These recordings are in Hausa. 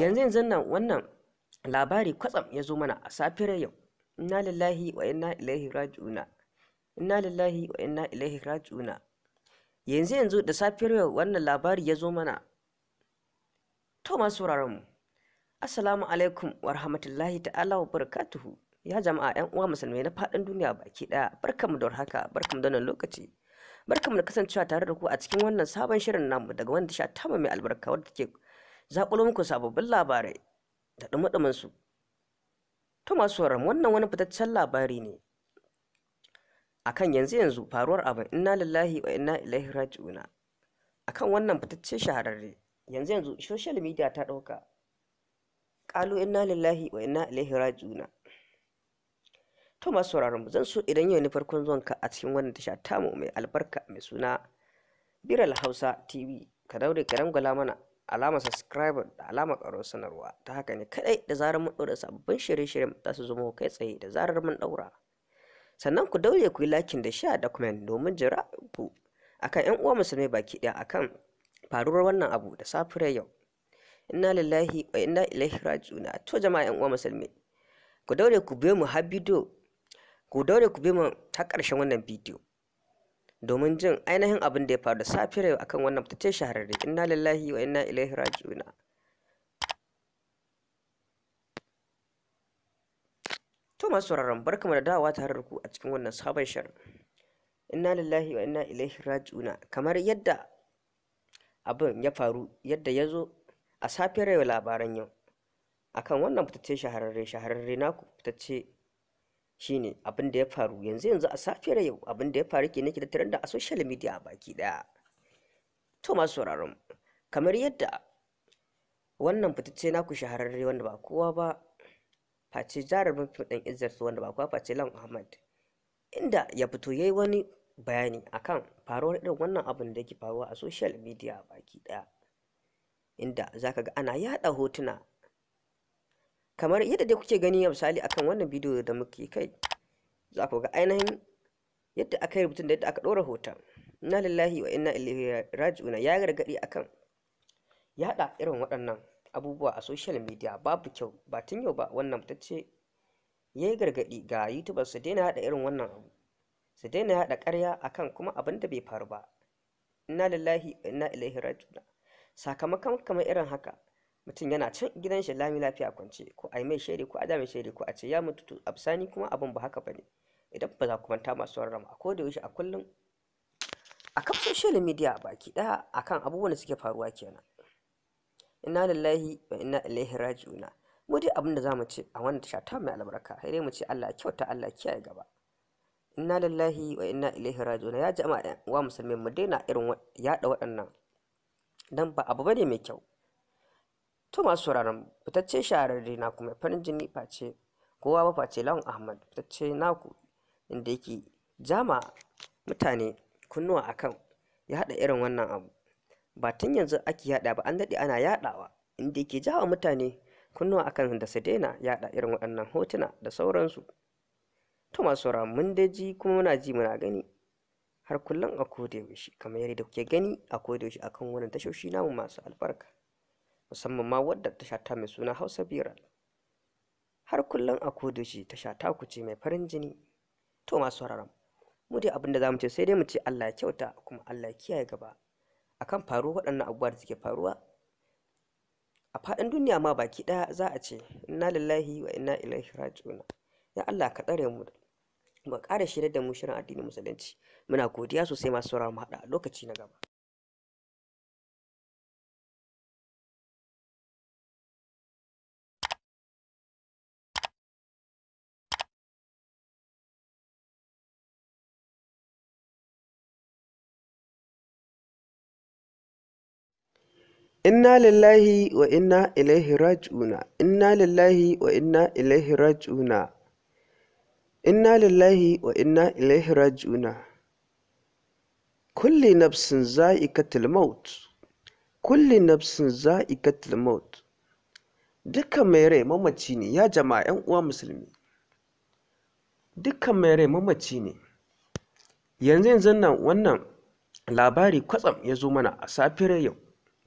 yanzu yanzu nan wannan labari kwatsam ya zo mana a safiyar yau inna lillahi wa inna ilaihi raji'una inna lillahi wa inna ilaihi raji'una yanzu yanzu da safiyar yau wannan labari ya zo mana to ma sauraron assalamu alaikum wa rahmatullahi ta'ala wa barakatuhu ya jama'a yan uwa musulmai na fadin duniya baki daya barkamu da warhaka barkamu da wannan lokaci barkamu da kasancewa tare da ku a cikin wannan sabon shirin namu daga wanda sha tama mai albarka wanda take zaƙulo muku sababbin labarai da ɗumaɗumansu su to masu wannan wani fitaccen labari ne A kan yanzu yanzu faruwar abin inna lillahi wa inna ilaihi raji'una kan wannan fitacce shahararre yanzu yanzu social media ta ɗauka ƙalu inna lillahi wa inna ilaihi raji'una to masu sauraron zan so idan yau ni farkon zuwan ka a cikin wannan tasha tamu mai albarka mai suna biral hausa tv ka daure ka rangwala mana Alama subscribe da alama karo sanarwa ta haka ne kadai da zarar mun ɗora sabbin shirye-shiryen za su zama kai tsaye da zarar mun ɗaura sannan ku daure ku yi lakin da sha document domin jira ku akan yan uwa musulmai baki ɗaya akan faruwar wannan abu da safire yau inna lillahi wa inna ilaihi raji'un to jama'a yan uwa musulmai ku daure ku biyo mu har ku daure ku bi mu ta ƙarshen wannan bidiyo domin jin ainihin abin da ya faru da safiyar yau akan wannan fitacce shahararre inna lillahi wa inna ilaihi raji'una to masu sauraron barkamu da dawowa tare da ku a cikin wannan sabon shirin inna lillahi wa inna ilaihi raji'una kamar yadda abin ya faru yadda ya zo a safiyar yau labaran yau akan wannan fitacce shahararre shahararre naku fitacce shine abin da ya faru yanzu yanzu a safiyar yau abin da ya faru ke nake tattare da a social media baki daya to masu sauraron kamar yadda wannan fitacce na ku shahararre wanda ba kowa ba face jarumin fim ɗin izzat wanda ba kowa face lan ahmad inda ya fito yayi wani bayani akan faruwar irin wannan abin da yake faruwa a social media baki daya inda zaka ga ana yada hotuna kamar yadda dai kuke gani misali akan wannan bidiyo da muke kai za ku ga ainihin yadda aka yi rubutun da yadda aka ɗora hoton inna lillahi wa inna ilaihi raji'una ya gargaɗi akan yaɗa irin waɗannan abubuwa a social media babu kyau ba tun yau ba wannan mutacce ya yi gargaɗi ga youtubers su daina yaɗa irin wannan abu su daina yaɗa ƙarya akan kuma abin da bai faru ba inna lillahi wa inna ilaihi raji'una sakamakon kamar irin haka mutum yana can gidan shi lami lafiya kwance ko a yi mai shaidi ko a mai shaidi ko a ce ya mutu absani kuma abin ba haka ba ne idan ba za ku manta masu warrama a koda yaushe a kullum a kan social media baki daya akan abubuwan da suke faruwa kenan inna lillahi wa inna ilaihi raji'una mu dai abin da za mu ce a wannan tasha ta mai albarka sai dai mu ce Allah kyauta Allah kiyaye gaba inna lillahi wa inna ilaihi raji'una ya jama'a wa musulmi mu daina irin yaɗa waɗannan dan ba abu bane mai kyau to masu sauraron fitacce shahararre na kuma farin jini face kowa ba face lawan ahmad fitacce naku inda yake jama mutane kunnuwa akan ya haɗa irin wannan abu ba tun yanzu ake yaɗa ba an daɗe ana yaɗawa inda yake jawa mutane kunnuwa akan da su daina yaɗa irin waɗannan hotuna da sauransu to masu sauraron mun da ji kuma muna ji muna gani har kullum a kodayaushe kamar yadda kuke gani a kodayaushe akan wannan tashoshi namu masu albarka musamman ma wadda ta shata mai suna hausa biran har kullum a kodoshi ta shata ku ce mai farin jini to masu wararan mu dai abinda za mu ce sai dai mu ce allah ya kyauta kuma allah ya kiyaye gaba akan faruwa waɗannan abubuwa da suke faruwa a faɗin duniya ma baki ɗaya za a ce inna lillahi wa inna ilaihi raji'un ya Allah ka tsare mu ba ƙara shirya da mu shirin addinin musulunci muna godiya sosai masu sauraron mu haɗa a lokaci na gaba inna lillahi wa inna ilaihi raji'una inna lillahi wa inna ilaihi raji'una inna lillahi wa inna ilaihi raji'una kulli nafsin za'iqatul maut kulli nafsin za'iqatul maut dukkan mai rai mamaci ne ya jama'a yan uwa musulmi dukkan mai rai mamaci ne yanzu yanzu nan wannan labari kwatsam ya zo mana a safiyar yau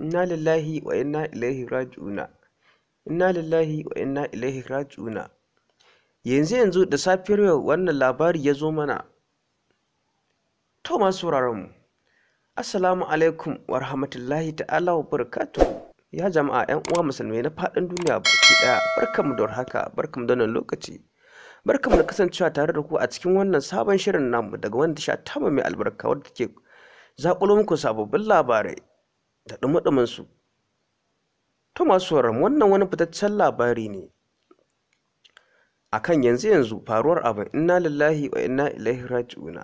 inna lillahi wa inna ilaihi raji'una inna lillahi wa inna ilaihi raji'una yanzu yanzu da safiyar yau wannan labari ya zo mana to ma sauraron mu assalamu alaikum wa rahmatullahi ta'ala wa barakatuhu ya jama'a yan uwa musulmai na faɗin duniya baki ɗaya barkamu da warhaka barkamu da wannan lokaci barkamu da kasancewa tare da ku a cikin wannan sabon shirin namu daga wanda sha tama mai albarka wadda take zaƙulo muku sababbin labarai da ɗumi su to masu wannan wani fitaccen labari ne A kan yanzu yanzu faruwar abin inna lillahi wa inna ilaihi raji'una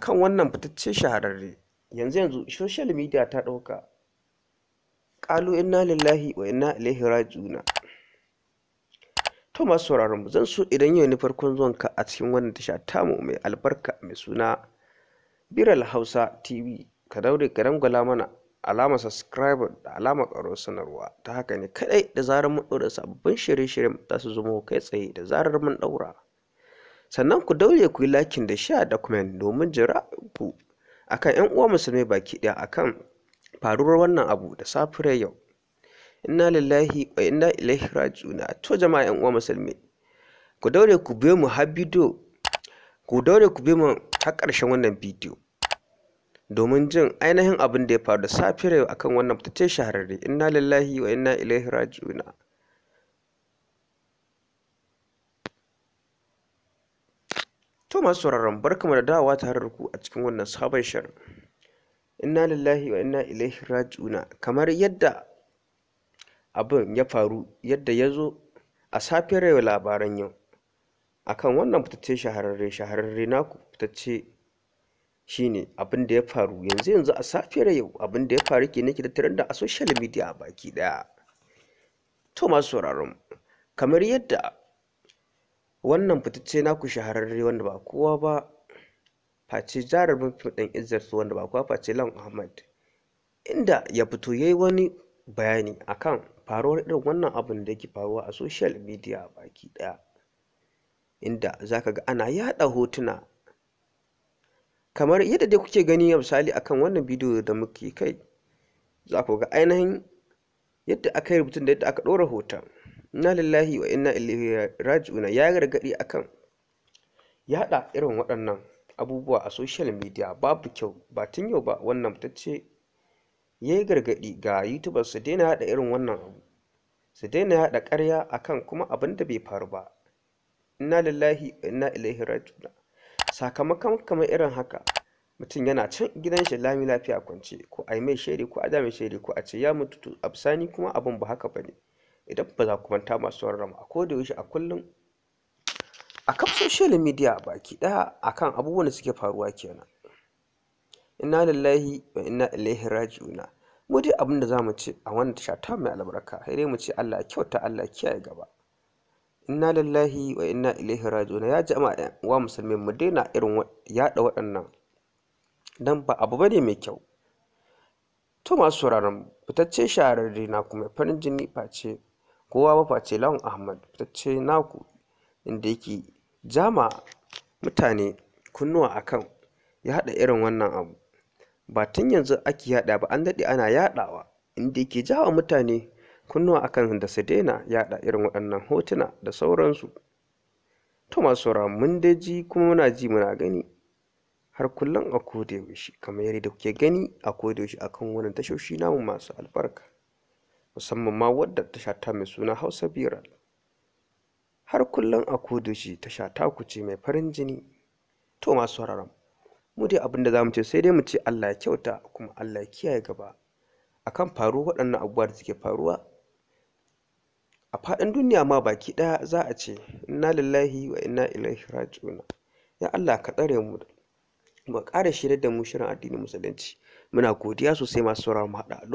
kan wannan fitaccen shahararre yanzu yanzu social media ta ɗauka ƙalu inna lillahi wa inna ilaihi raji'una to masu sauraron zan so idan yau ni farkon zuwan ka a cikin wannan tasha tamu mai albarka mai suna biral hausa tv ka daure ka dangwala mana alama subscribe da alamar karo sanarwa ta haka ne kadai da zarar mun ɗora sabbin shirye-shiryen za su zama kai tsaye da zarar mun ɗaura sannan ku daure ku yi lakin da sha da comment domin jira ku akan 'yan uwa musulmai baki ɗaya akan faruwar wannan abu da safiyar yau inna lillahi wa inna ilaihi raji'un to jama'a 'yan uwa musulmi ku daure ku biyo mu har bidiyo ku daure ku biyo mu har ƙarshen wannan bidiyo domin jin ainihin abin da ya faru da safiyar yau akan wannan fitaccen shahararre inna lillahi wa inna ilaihi raji'una to masu sauraron barkamu da dawowa tare da ku a cikin wannan sabon shirin inna lillahi wa inna ilaihi raji'una kamar yadda abin ya faru yadda ya zo a safiyar yau labaran yau akan wannan fitacce shahararre shahararre naku fitacce shine abin da ya faru yanzu yanzu a safiyar yau abin da ya faru ke nake da trending a social media baki daya to masu sauraron kamar yadda wannan fitacce naku shahararre wanda ba kowa ba face jarumin fim ɗin su wanda ba kowa face lan ahmad inda ya fito yayi wani bayani akan faruwar irin wannan abin da yake faruwa a social media baki daya inda zaka ga ana yaɗa hotuna kamar yadda dai kuke gani a misali akan wannan bidiyo da muke kai za ku ga ainihin yadda aka yi rubutun da yadda aka ɗora hoton inna lillahi wa inna ilaihi raji'una ya gargaɗi akan yaɗa irin waɗannan abubuwa a social media babu kyau ba tun yau ba wannan ce ya yi gargaɗi ga youtubers su daina haɗa irin wannan abu su daina haɗa ƙarya akan kuma abin da bai faru ba inna lillahi wa inna ilaihi raji'una sakamakon kamar irin haka mutum yana can gidan shi lami lafiya a kwance ko a yi mai shiri ko a da mai ko a ce ya mutu to bisani kuma abin ba haka bane idan ba za ku manta masu warrama ko da yaushe a kullum a kan social media baki daya akan abubuwan da suke faruwa kenan inna lillahi wa inna ilaihi raji'una mu dai abin da mu ce a wannan tasha ta mai albarka sai dai mu ce Allah ya kyauta Allah kiyaye gaba inna lillahi wa inna ilaihi raji'un ya jama'a wa musulmi mu daina irin yada waɗannan dan ba abu bane mai kyau to masu sauraron fitacce shahararri na kuma farin jini face kowa ba face lawan ahmad fitacce naku inda yake jama mutane kunnuwa akan ya haɗa irin wannan abu ba tun yanzu ake yaɗa ba an daɗe ana yaɗawa inda yake jawa mutane kunnuwa akan da su daina yaɗa irin waɗannan hotuna da sauransu to masu mun dai ji kuma muna ji muna gani har kullum a koda yaushe kamar yadda kuke gani a koda yaushe akan wannan tashoshi namu masu albarka musamman ma wadda tasha ta mai suna Hausa Biral har kullum a koda yaushe tasha ta ku ce mai farin jini to masu sauraron mu dai abin da zamu ce sai dai mu ce Allah ya kyauta kuma Allah ya kiyaye gaba akan faru waɗannan abubuwa da suke faruwa a faɗin duniya ma baki ɗaya za a ce inna lillahi wa inna ilaihi raji'un ya Allah ka tsare mu mu ƙara shirye da mu shirin addinin musulunci muna godiya sosai masu sauraron mu haɗa